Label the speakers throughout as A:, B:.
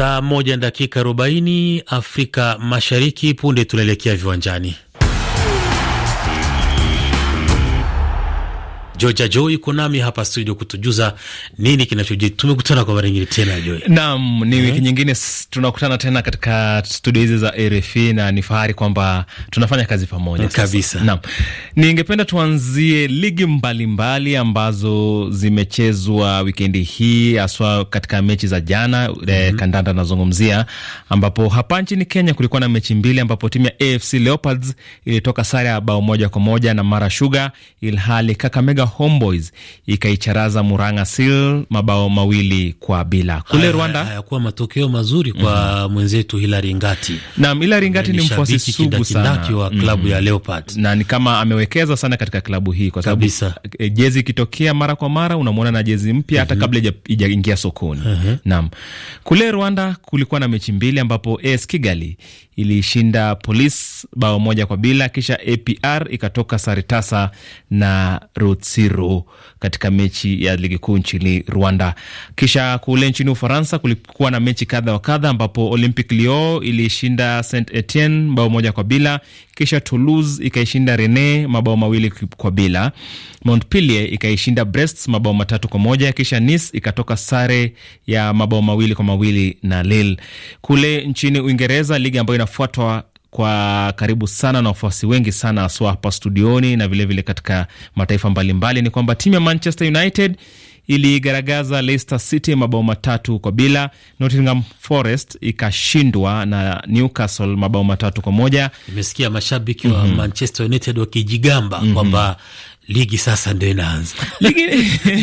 A: Saa moja na dakika arobaini Afrika Mashariki. Punde tunaelekea viwanjani. Joja uko nami hapa studio kutujuza nini kinachojiri. Tumekutana kwa mara nyingine tena
B: Naam, ni mhm. wiki nyingine tunakutana tena katika studio hizi za RFI na ni fahari kwamba tunafanya kazi pamoja kabisa. Naam, ningependa tuanzie ligi mbalimbali mbali ambazo zimechezwa wikendi hii haswa katika mechi za jana mm -hmm. kandanda nazungumzia, ambapo hapa nchini Kenya kulikuwa na mechi mbili ambapo timu ya AFC Leopards ilitoka sare ya bao moja kwa moja na Mara Sugar ilhali Kakamega Homeboys ikaicharaza Muranga Seal mabao mawili kwa bila.
A: Kule Rwanda hayakuwa matokeo mazuri kwa mm -hmm. mwenzetu Hilary Ngati. Naam, Hilary Ngati ni mfuasi sugu sana wa klabu mm
B: -hmm. ya mhm. Leopard na ni kama amewekeza sana katika klabu hii kwa sababu e, jezi ikitokea mara kwa mara unamwona na jezi mpya hata mm -hmm. kabla ijaingia sokoni. mm -hmm. Naam, kule Rwanda kulikuwa na mechi mbili ambapo AS Kigali ilishinda Police bao moja kwa bila, kisha APR ikatoka sare tasa na Rutsiro katika mechi ya ligi kuu nchini Rwanda. Kisha kule nchini Ufaransa kulikuwa na mechi kadha wa kadha, ambapo Olympic Lyon ilishinda Saint Etienne bao moja kwa bila, kisha Toulouse ikaishinda rene mabao mawili kwa bila. Montpellier ikaishinda Brest mabao matatu kwa moja kisha Nice ikatoka sare ya mabao mawili kwa mawili na Lille. Kule nchini Uingereza, ligi ambayo inafuatwa kwa karibu sana na wafuasi wengi sana haswa hapa studioni na vilevile vile katika mataifa mbalimbali mbali, ni kwamba timu ya Manchester United iligaragaza Leicester City mabao matatu kwa bila. Nottingham Forest ikashindwa na Newcastle mabao matatu kwa moja.
A: Nimesikia mashabiki wa mm -hmm. Manchester United wakijigamba mm -hmm. kwamba mhm ligi sasa ndio inaanza ligi.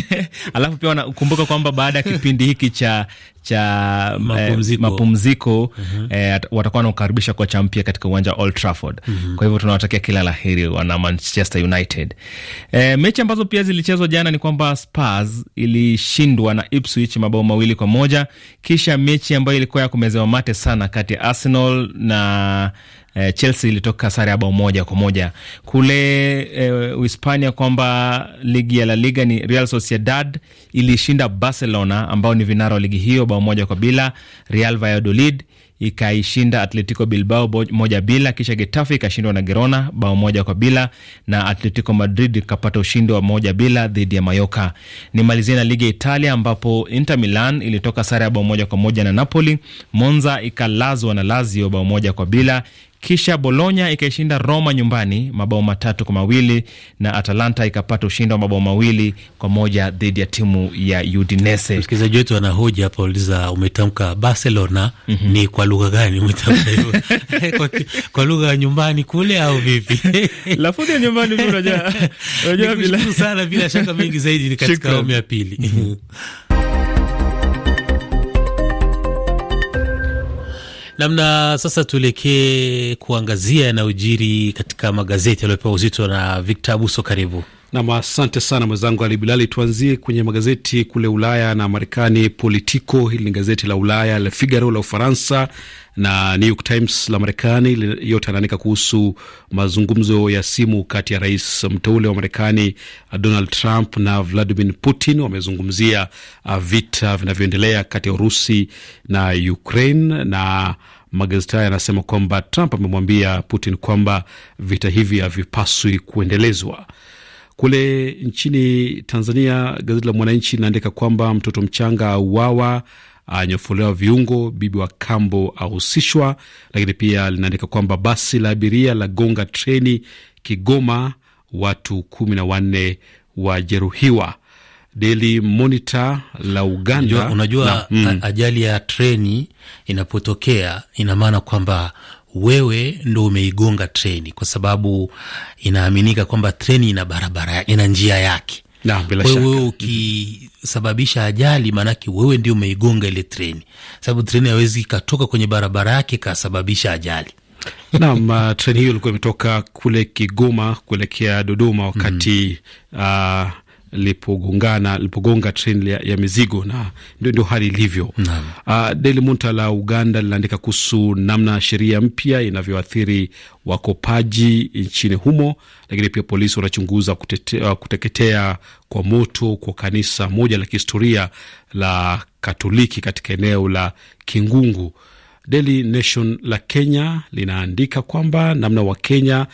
A: Alafu pia wanakumbuka kwamba baada ya kipindi hiki cha
B: cha mapumziko, eh, mapumziko uh mhm. -huh. eh, watakuwa wanaokaribisha kocha mpya katika uwanja Old Trafford uh mhm. -huh. Kwa hivyo tunawatakia kila la heri wana Manchester United. Eh, mechi ambazo pia zilichezwa jana ni kwamba Spurs ilishindwa na Ipswich mabao mawili kwa moja kisha mechi ambayo ilikuwa ya kumezewa mate sana kati ya Arsenal na eh, Chelsea ilitoka sare ya bao moja kwa moja kule eh, Uhispania, kwamba ligi ya La Liga ni Real Sociedad ilishinda Barcelona ambao ni vinara wa ligi hiyo bao moja kwa bila. Real Valladolid ikaishinda Atletico Bilbao moja bila, kisha Getafe ikashindwa na Girona bao moja kwa bila, na Atletico Madrid ikapata ushindi wa moja bila dhidi ya Mayoka. Nimalizie na ligi ya Italia ambapo Inter Milan ilitoka sare ya bao moja kwa moja na Napoli. Monza ikalazwa na Lazio bao moja kwa bila. Kisha Bologna ikaishinda Roma nyumbani mabao matatu kwa mawili na Atalanta ikapata ushindi wa mabao
A: mawili kwa moja dhidi ya timu ya Udinese. Msikilizaji wetu anahoja hapa uliza umetamka Barcelona mm -hmm. ni kwa lugha gani umetamka hivyo? kwa, kwa lugha ya nyumbani kule au vipi? lafudhi ya nyumbani tu unajua, unajua bila sana, bila shaka mengi zaidi ni katika awamu ya pili mhm. Namna sasa, tuelekee kuangazia
C: yanayojiri katika magazeti yaliyopewa uzito na Victor Abuso. Karibu. Nam, asante sana mwenzangu Ali Bilali. Tuanzie kwenye magazeti kule Ulaya na Marekani. Politico, hili ni gazeti la Ulaya, la Figaro la Ufaransa na New York Times la Marekani, yote anaandika kuhusu mazungumzo ya simu kati ya rais mteule wa Marekani Donald Trump na Vladimir Putin. Wamezungumzia uh, vita vinavyoendelea kati ya Urusi na Ukraine na magazeti haya yanasema kwamba Trump amemwambia Putin kwamba vita hivi havipaswi kuendelezwa. Kule nchini Tanzania, gazeti la Mwananchi linaandika kwamba mtoto mchanga auawa, anyofolewa viungo, bibi wa kambo ahusishwa. Lakini pia linaandika kwamba basi la abiria la gonga treni Kigoma, watu kumi na wanne wajeruhiwa. Daily Monitor la Uganda. Unajua, unajua na, mm. ajali
A: ya treni inapotokea ina maana kwamba wewe ndo umeigonga treni, kwa sababu inaaminika kwamba treni ina barabara, ina njia yake. Wewe mhm. ukisababisha ajali, maanake wewe ndio umeigonga ile treni, sababu treni hawezi ikatoka kwenye barabara yake ikasababisha
C: ajali. Naam, uh, treni hiyo ilikuwa imetoka kule Kigoma kuelekea Dodoma wakati mm -hmm. uh, lipogongana lipogonga treni ya, ya mizigo na ndio, ndio hali ilivyo. Uh, Daily Monitor la Uganda linaandika kuhusu namna sheria mpya inavyoathiri wakopaji nchini humo, lakini pia polisi wanachunguza ah, kuteketea kwa moto kwa kanisa moja la kihistoria la Katoliki katika eneo la Kingungu. Daily Nation la Kenya linaandika kwamba namna Wakenya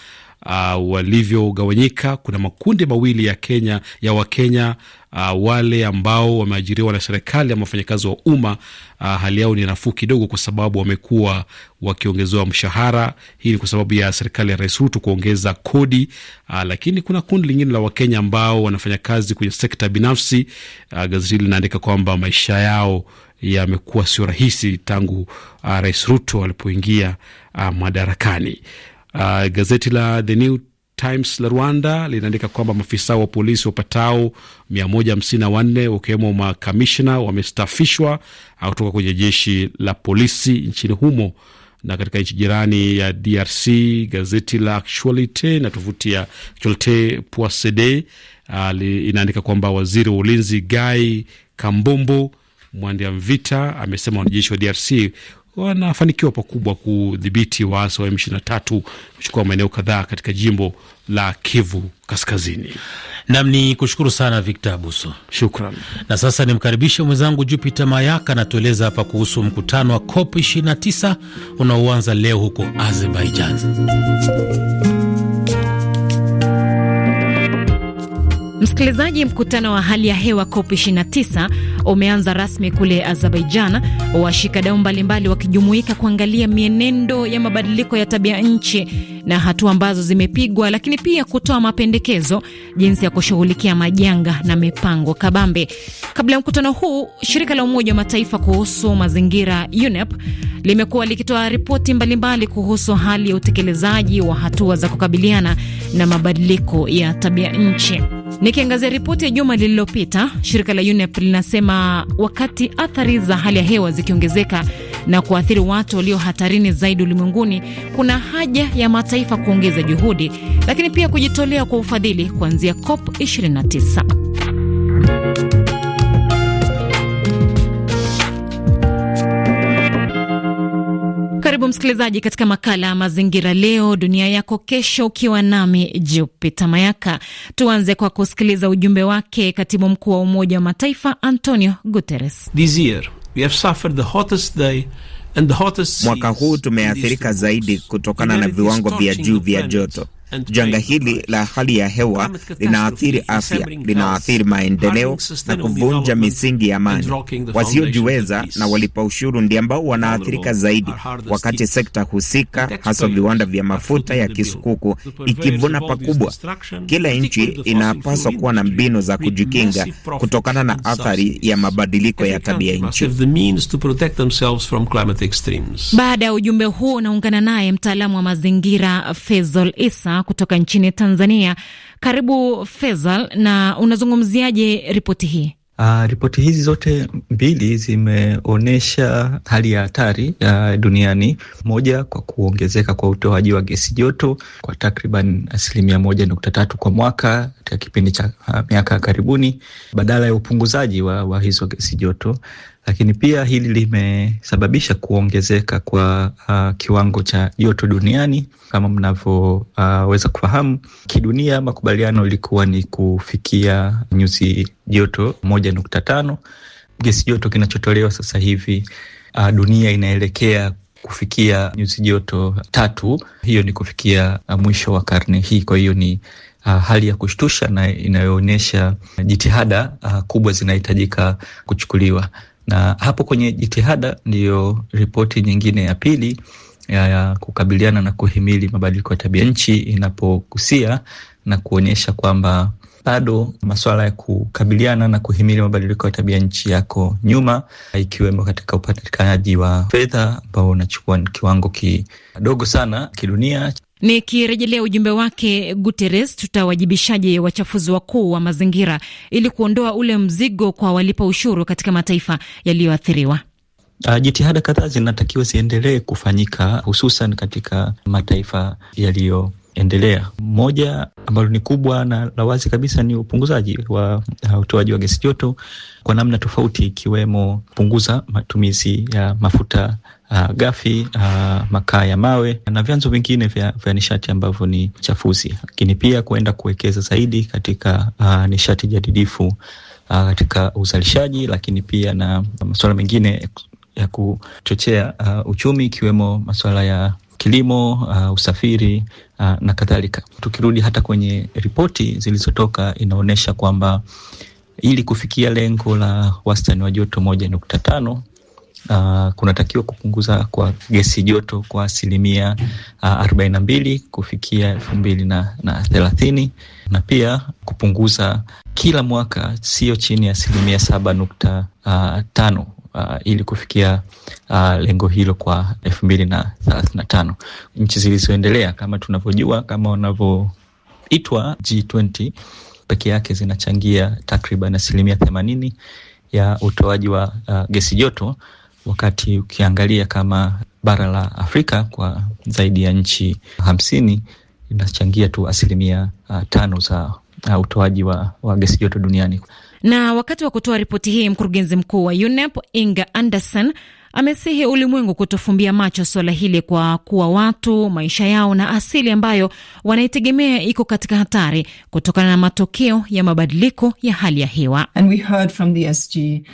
C: uh, walivyogawanyika. Kuna makundi mawili ya Kenya ya Wakenya uh, wale ambao wameajiriwa na serikali ama wafanyakazi wa umma uh, hali yao ni nafuu kidogo, kwa sababu wamekuwa wakiongezewa mshahara. Hii ni kwa sababu ya serikali ya Rais Ruto kuongeza kodi uh, lakini kuna kundi lingine la Wakenya ambao wanafanya kazi kwenye sekta binafsi uh, gazeti hili linaandika kwamba maisha yao yamekuwa sio rahisi tangu uh, Rais Ruto alipoingia uh, madarakani. Uh, gazeti la The New Times la Rwanda linaandika kwamba maafisa wa polisi wapatao 154 wakiwemo makamishna wamestafishwa kutoka kwenye jeshi la polisi nchini humo. Na katika nchi jirani ya DRC, gazeti la Actualite na tovuti ya Actualite Poicede uh, inaandika kwamba waziri wa ulinzi Guy Kambombo Mwandia Mvita amesema wanajeshi wa DRC wanafanikiwa pakubwa kudhibiti waasi wa M23 kuchukua maeneo kadhaa katika jimbo la Kivu Kaskazini. Nam ni kushukuru
A: sana Victor Abuso, shukran. Na sasa nimkaribishe mwenzangu Jupiter Mayaka anatueleza hapa kuhusu mkutano wa COP 29 unaoanza leo huko Azerbaijan.
D: Msikilizaji, mkutano wa hali ya hewa COP 29 umeanza rasmi kule Azerbaijan, washikadau mbalimbali wakijumuika kuangalia mienendo ya mabadiliko ya tabia nchi na hatua ambazo zimepigwa, lakini pia kutoa mapendekezo jinsi ya kushughulikia majanga na mipango kabambe. Kabla ya mkutano huu, shirika la Umoja wa Mataifa kuhusu mazingira UNEP limekuwa likitoa ripoti mbalimbali kuhusu hali ya utekelezaji wa hatua za kukabiliana na mabadiliko ya tabia nchi. Nikiangazia ripoti ya juma lililopita, shirika la UNEP linasema wakati athari za hali ya hewa zikiongezeka na kuathiri watu walio hatarini zaidi ulimwenguni, kuna haja ya mataifa kuongeza juhudi, lakini pia kujitolea kwa ufadhili kuanzia COP 29. Karibu msikilizaji katika makala ya mazingira leo dunia yako kesho, ukiwa nami Jupita Mayaka. Tuanze kwa kusikiliza ujumbe wake katibu mkuu wa Umoja wa Mataifa Antonio Guterres.
C: This year we have suffered the
B: hottest day and the hottest. Mwaka huu tumeathirika zaidi kutokana na viwango vya juu vya joto Janga hili la hali ya hewa linaathiri afya, linaathiri maendeleo na kuvunja misingi ya amani. Wasiojiweza na walipa ushuru ndio ambao wanaathirika zaidi, wakati sekta husika, hasa viwanda vya mafuta ya kisukuku, ikivuna pakubwa. Kila nchi inapaswa kuwa na mbinu za kujikinga kutokana na athari
C: ya mabadiliko ya tabia nchi.
D: Baada ya ujumbe huu, unaungana naye mtaalamu wa mazingira Fezol Isa kutoka nchini Tanzania. Karibu Fezal, na unazungumziaje ripoti hii?
E: Uh, ripoti hizi zote mbili zimeonyesha hali ya hatari uh, duniani, moja kwa kuongezeka kwa utoaji wa gesi joto kwa takriban asilimia moja nukta tatu kwa mwaka katika kipindi cha uh, miaka ya karibuni, badala ya upunguzaji wa, wa hizo gesi joto lakini pia hili limesababisha kuongezeka kwa uh, kiwango cha joto duniani. Kama mnavyoweza uh, kufahamu, kidunia makubaliano ilikuwa ni kufikia nyuzi joto moja nukta tano gesi joto kinachotolewa sasa hivi. Uh, dunia inaelekea kufikia nyuzi joto tatu. Hiyo ni kufikia uh, mwisho wa karne hii. Kwa hiyo ni uh, hali ya kushtusha na inayoonyesha jitihada uh, kubwa zinahitajika kuchukuliwa na hapo kwenye jitihada ndiyo ripoti nyingine ya pili ya kukabiliana na kuhimili mabadiliko ya tabia nchi inapogusia na kuonyesha kwamba bado masuala ya kukabiliana na kuhimili mabadiliko ya tabia nchi yako nyuma, ikiwemo katika upatikanaji wa fedha ambao unachukua kiwango kidogo sana kidunia.
D: Nikirejelea ujumbe wake Guterres, tutawajibishaje wachafuzi wakuu wa mazingira ili kuondoa ule mzigo kwa walipa ushuru katika mataifa yaliyoathiriwa?
E: Uh, jitihada kadhaa zinatakiwa ziendelee kufanyika hususan katika mataifa yaliyoendelea. Moja ambalo ni kubwa na la wazi kabisa ni upunguzaji wa ah, utoaji wa gesi joto kwa namna tofauti, ikiwemo kupunguza matumizi ya mafuta uh, gafi uh, makaa ya mawe na vyanzo vingine vya, vya nishati ambavyo ni chafuzi, lakini pia kuenda kuwekeza zaidi katika uh, nishati jadidifu uh, katika uzalishaji, lakini pia na masuala mengine ya kuchochea uh, uchumi ikiwemo masuala ya kilimo uh, usafiri uh, na kadhalika. Tukirudi hata kwenye ripoti zilizotoka inaonyesha kwamba ili kufikia lengo la wastani wa joto moja nukta tano uh, kunatakiwa kupunguza kwa gesi joto kwa asilimia ah, arobaini na mbili kufikia elfu mbili na thelathini na pia kupunguza kila mwaka sio chini ya asilimia saba nukta uh, tano Uh, ili kufikia uh, lengo hilo kwa elfu mbili na thelathini na tano. Nchi zilizoendelea kama tunavyojua, kama wanavyoitwa G20 peke yake zinachangia takriban asilimia themanini ya utoaji wa uh, gesi joto wakati ukiangalia kama bara la Afrika kwa zaidi ya nchi hamsini inachangia tu asilimia uh, tano za uh, utoaji wa, wa gesi joto duniani.
D: Na wakati wa kutoa ripoti hii, mkurugenzi mkuu wa UNEP Inga Anderson Amesihi ulimwengu kutofumbia macho suala hili kwa kuwa watu, maisha yao na asili ambayo wanaitegemea iko katika hatari kutokana na matokeo ya mabadiliko ya hali ya hewa.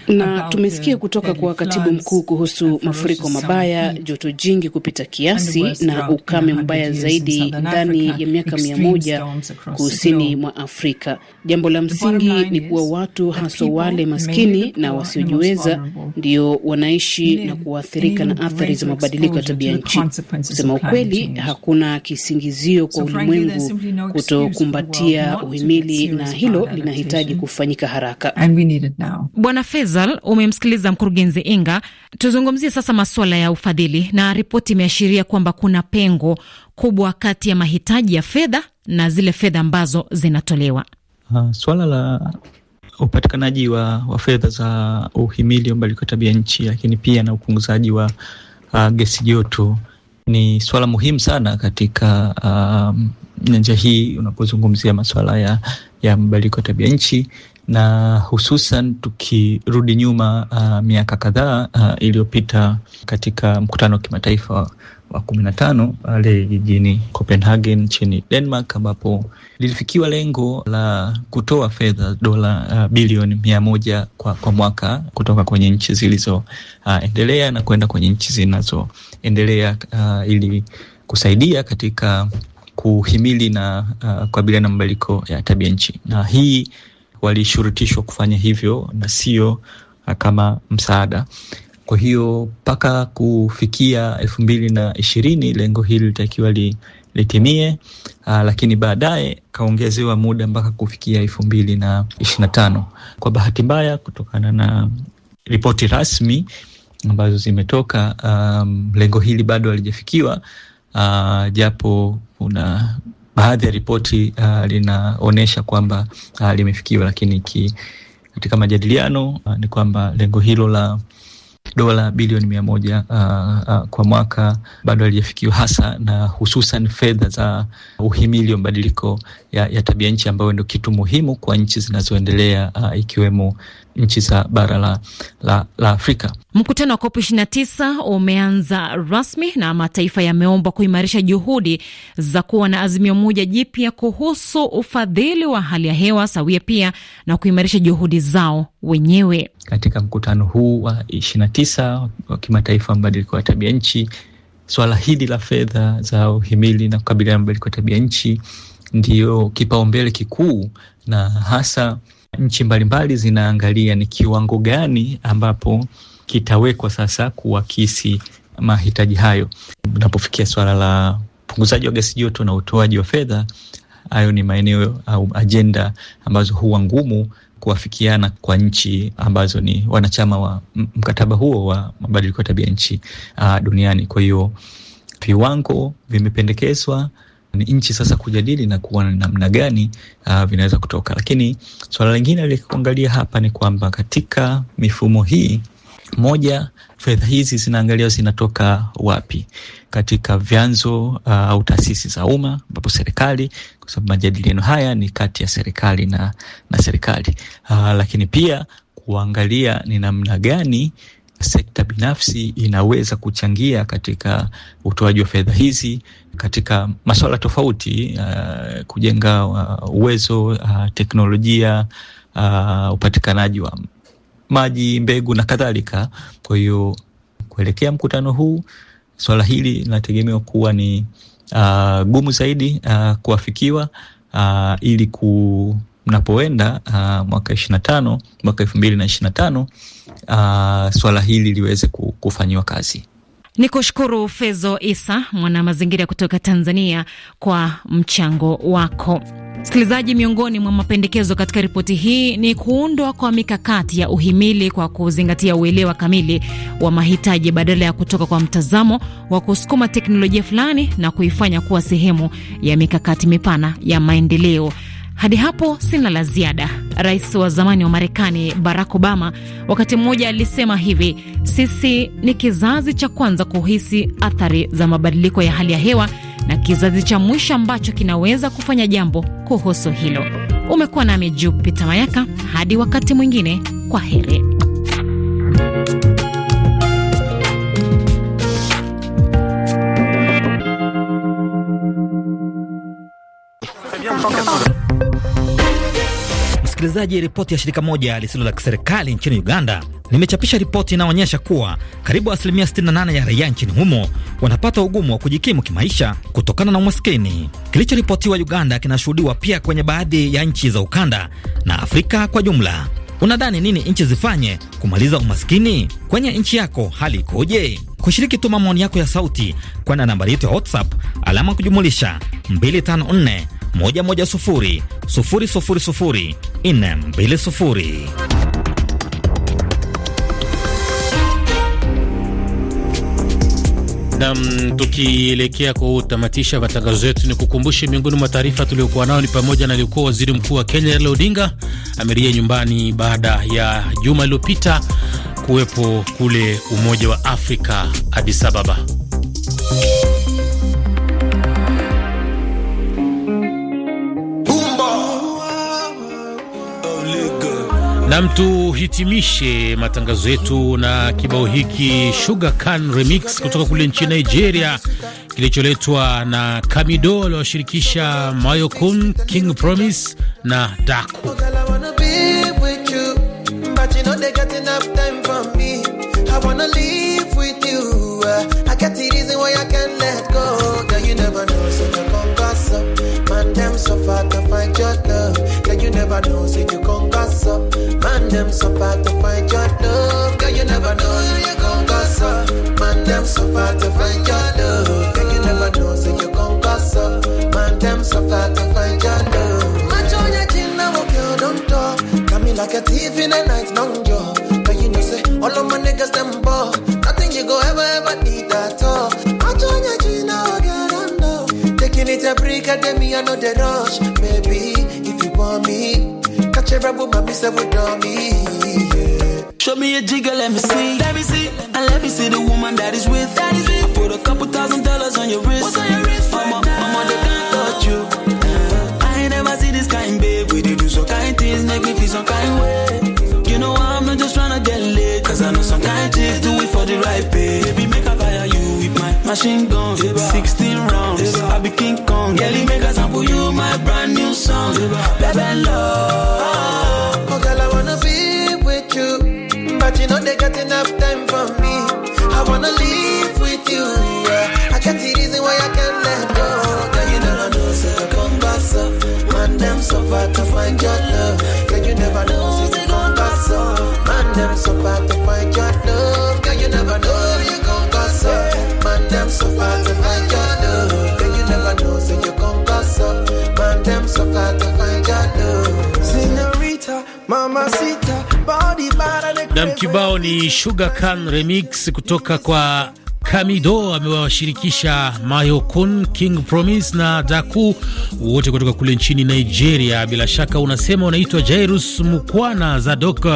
D: Na tumesikia kutoka kwa katibu mkuu kuhusu mafuriko mabaya, joto jingi kupita kiasi na ukame mbaya zaidi ndani ya miaka mia moja kusini mwa Afrika. Jambo la msingi ni kuwa watu, haswa wale maskini na wasiojiweza, ndio wanaishi na kuathirika na athari za mabadiliko ya tabia nchi. Kusema ukweli, hakuna kisingizio kwa ulimwengu kutokumbatia uh, uhimili, na hilo linahitaji kufanyika haraka. Bwana Fezal, umemsikiliza mkurugenzi Inga. Tuzungumzie sasa masuala ya ufadhili, na ripoti imeashiria kwamba kuna pengo kubwa kati ya mahitaji ya fedha na zile fedha ambazo zinatolewa.
E: Uh, swala la upatikanaji wa, wa fedha za uhimili wa mabadiliko ya tabia nchi, lakini pia na upunguzaji wa uh, gesi joto ni swala muhimu sana katika um, nyanja hii unapozungumzia maswala ya, ya mabadiliko ya tabia nchi na hususan tukirudi nyuma uh, miaka kadhaa uh, iliyopita katika mkutano wa kimataifa wa kumi na tano pale jijini Copenhagen nchini Denmark, ambapo lilifikiwa lengo la kutoa fedha dola uh, bilioni mia moja kwa, kwa mwaka kutoka kwenye nchi zilizoendelea uh, na kwenda kwenye nchi zinazoendelea uh, ili kusaidia katika kuhimili na uh, kukabiliana na mabadiliko ya tabia nchi, na hii walishurutishwa kufanya hivyo na sio uh, kama msaada kwa hiyo mpaka kufikia elfu mbili na ishirini lengo hili litakiwa li, litimie aa, ah, lakini baadaye kaongezewa muda mpaka kufikia elfu mbili na ishirini na tano. Kwa bahati mbaya kutokana na ripoti rasmi ambazo zimetoka, um, lengo hili bado halijafikiwa, uh, japo kuna baadhi ya ripoti uh, linaonyesha kwamba uh, limefikiwa, lakini ki, katika majadiliano uh, ni kwamba lengo hilo la dola bilioni mia moja uh, uh, kwa mwaka bado halijafikiwa hasa na hususan fedha za uhimili wa mabadiliko ya, ya tabia nchi ambayo ndio kitu muhimu kwa nchi zinazoendelea uh, ikiwemo nchi za bara la, la, la Afrika.
D: Mkutano wa COP 29 umeanza rasmi na mataifa yameombwa kuimarisha juhudi za kuwa na azimio moja jipya kuhusu ufadhili wa hali ya hewa sawia, pia na kuimarisha juhudi zao wenyewe.
E: Katika mkutano huu wa 29 wa kimataifa wa mabadiliko ya tabia nchi, swala hili la fedha za uhimili na kukabiliana na mabadiliko ya tabia nchi ndiyo kipaumbele kikuu na hasa nchi mbalimbali zinaangalia ni kiwango gani ambapo kitawekwa sasa kuakisi mahitaji hayo. Unapofikia swala la upunguzaji wa gesi joto na utoaji wa fedha, hayo ni maeneo au ajenda ambazo huwa ngumu kuafikiana kwa nchi ambazo ni wanachama wa mkataba huo wa mabadiliko ya tabia nchi uh, duniani. Kwa hiyo viwango vimependekezwa ni nchi sasa kujadili na na namna gani uh, vinaweza kutoka. Lakini swala lingine likuangalia hapa ni kwamba katika mifumo hii moja, fedha hizi zinaangaliwa zinatoka wapi, katika vyanzo ah, au uh, taasisi za umma, ambapo serikali, kwa sababu majadiliano haya ni kati ya serikali na, na serikali uh, lakini pia kuangalia ni namna gani sekta binafsi inaweza kuchangia katika utoaji wa fedha hizi katika masuala tofauti, uh, kujenga uh, uwezo uh, teknolojia uh, upatikanaji wa maji, mbegu na kadhalika. Kwa hiyo kuelekea mkutano huu, swala hili linategemewa kuwa ni uh, gumu zaidi uh, kuafikiwa uh, ili ku mnapoenda uh, mwaka ishirini na tano mwaka elfu mbili na ishirini na tano uh, swala hili liweze kufanyiwa kazi.
D: Ni kushukuru Fezo Isa mwana mazingira kutoka Tanzania kwa mchango wako. Msikilizaji, miongoni mwa mapendekezo katika ripoti hii ni kuundwa kwa mikakati ya uhimili kwa kuzingatia uelewa kamili wa mahitaji badala ya kutoka kwa mtazamo wa kusukuma teknolojia fulani na kuifanya kuwa sehemu ya mikakati mipana ya maendeleo. Hadi hapo sina la ziada. Rais wa zamani wa Marekani Barack Obama wakati mmoja alisema hivi, sisi ni kizazi cha kwanza kuhisi athari za mabadiliko ya hali ya hewa na kizazi cha mwisho ambacho kinaweza kufanya jambo kuhusu hilo. Umekuwa nami Jupita Mayaka, hadi wakati mwingine, kwa heri
E: msikilizaji, ripoti ya shirika moja lisilo la kiserikali nchini Uganda limechapisha ripoti inayoonyesha kuwa karibu asilimia 68 ya raia nchini humo wanapata ugumu wa kujikimu kimaisha kutokana na umaskini. Kilichoripotiwa Uganda kinashuhudiwa pia kwenye baadhi ya nchi za ukanda na Afrika kwa jumla. Unadhani nini nchi zifanye kumaliza umaskini? Kwenye nchi yako hali ikoje? Kushiriki, tuma maoni yako ya sauti kwenda nambari yetu ya WhatsApp alama kujumulisha 254 110
A: Nam, tukielekea kutamatisha matangazo yetu, ni kukumbushe miongoni mwa taarifa tuliokuwa nao ni pamoja na aliyekuwa waziri mkuu wa Kenya Raila Odinga amerejea nyumbani baada ya juma lililopita kuwepo kule Umoja wa Afrika Addis Ababa. Nam, tuhitimishe matangazo yetu na kibao hiki Sugar Can Remix kutoka kule nchini Nigeria, kilicholetwa na Kamido aliwashirikisha Mayokun, King Promise na Daku.
F: them so far to find your love. Girl, you never know who you gon' gossip. Uh. Man, them so far to find your love. Girl, you never know so you gon' gossip. Uh. Man, them so far to find your love. Macho ya china wo kyo don't talk. in like a thief in the night, long jaw. But you know say all of my niggas them ball. Nothing you go ever ever need at all. Macho ya china wo kyo don't talk. Taking it a break, I I know the rush, baby a woman, me say, what on me? Yeah. Show me a jigger, let me see. Let me see. And let me see the woman that is with. That is it. put a couple thousand dollars on your wrist. What's on your wrist? mama, now? mama, they can't touch you. Uh, I ain't never seen this kind, babe. We did do some kind things, make me feel some kind way. You know I'm not just trying to get laid. Cause I know some kind chicks do it for the right pay. Baby, make a fire you with my machine gun. 16 rounds, I be King Kong. Kelly, make a sample you my brand new song. Baby, love. The. na
A: mkibao ni Sugar Can Remix kutoka kwa Kamido amewashirikisha Mayokun, King Promise na Daku, wote kutoka kule nchini Nigeria. Bila shaka unasema unaitwa Jairus Mukwana Zadok,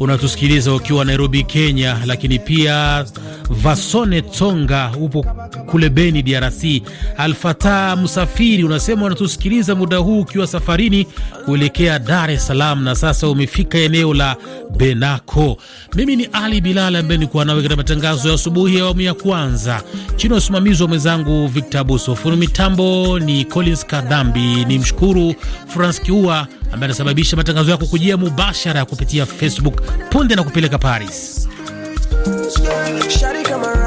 A: unatusikiliza ukiwa Nairobi, Kenya. Lakini pia Vasone Tonga, upo kule Beni, DRC. Alfata Msafiri, unasema unatusikiliza muda huu ukiwa safarini kuelekea Dar es Salaam, na sasa umefika eneo la Benako. Mimi ni Ali Bilal ambaye nikuwa nawe katika matangazo ya asubuhi ya awamu ya kwanza chini ya usimamizi wa mwenzangu Victor Buso. Fundi mitambo ni Collins Kadhambi. Ni mshukuru france Kiua ambaye anasababisha matangazo yako kujia mubashara ya kupitia Facebook punde na kupeleka Paris.